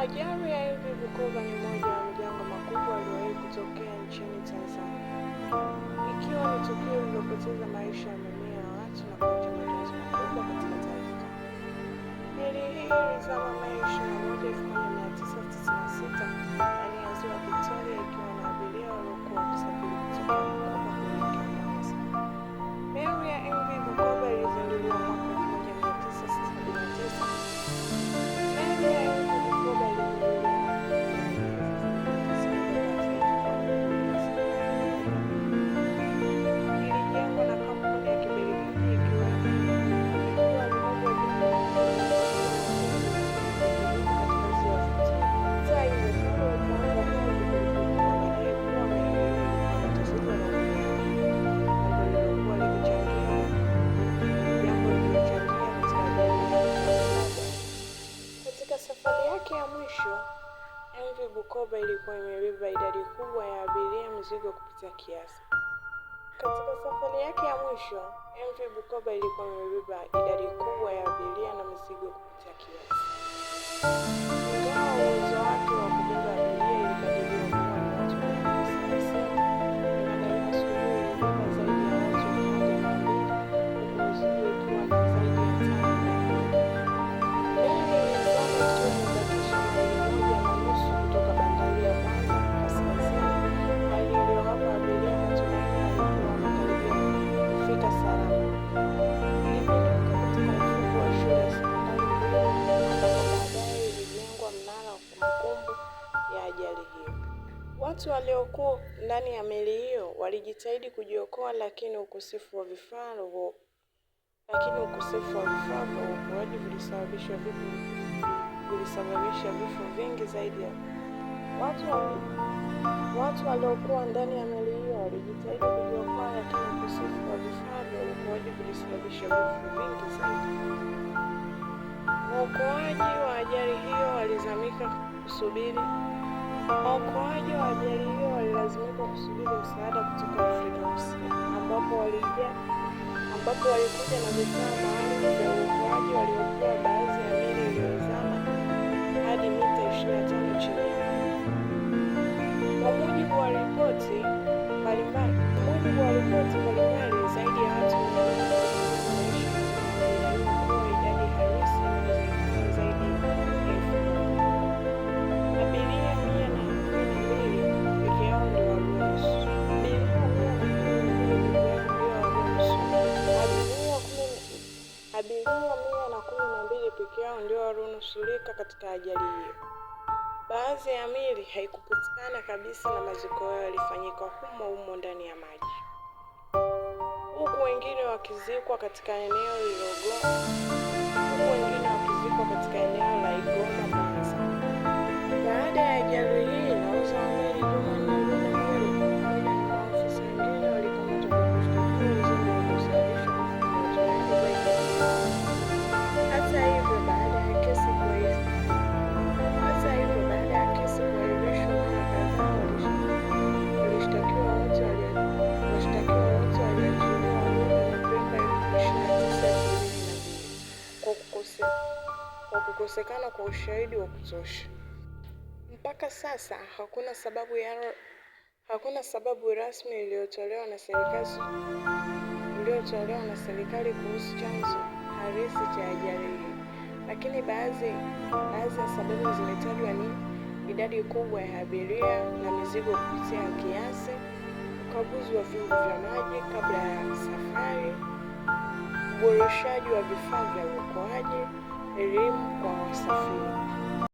Ajali ya MV Bukoba ni moja ya majanga makubwa yaliyowahi kutokea nchini Tanzania, ikiwa ni tukio lililopoteza maisha ya mamia ya watu na kuleta matatizo makubwa katika taifa. Hali hii ilizama maisha ya watu imebeba idadi kubwa ya abiria mizigo kupita kiasi. Katika safari yake ya mwisho, MV Bukoba ilikuwa imebeba idadi kubwa ya abiria na mizigo kupita kiasi. Watu waliokuwa ndani ya meli hiyo walijitahidi kujiokoa lakini ukosefu wa vifaa lakini ukosefu wa vifaa vya uokoaji vilisababisha vifo vilisababisha vifo vingi zaidi ya watu wali, watu waliokuwa ndani ya meli hiyo walijitahidi kujiokoa lakini ukosefu wa vifaa vya uokoaji vilisababisha vifo vingi zaidi. Waokoaji wa ajali hiyo walizamika kusubiri Waokoaji wa ajali hiyo walilazimika kusubiri msaada kutoka Afrika Kusini, ambapo walikuja na vifaa maalum vya uokoaji waliokuwa Abiria mia na kumi na mbili peke yao ndio walionusurika katika ajali hiyo. Baadhi ya miili haikupatikana kabisa na maziko yao yalifanyika humo humo ndani ya maji, huku wengine wakizikwa katika eneo lililogonga kukosekana kwa ushahidi wa kutosha. Mpaka sasa hakuna sababu ya hakuna sababu rasmi iliyotolewa na serikali iliyotolewa na serikali kuhusu chanzo halisi cha ajali hii, lakini baadhi baadhi ya sababu zimetajwa ni idadi kubwa ya abiria na mizigo kupitia kiasi, ukaguzi wa vyombo vya maji kabla ya safari, uboreshaji wa vifaa vya uokoaji irei com essa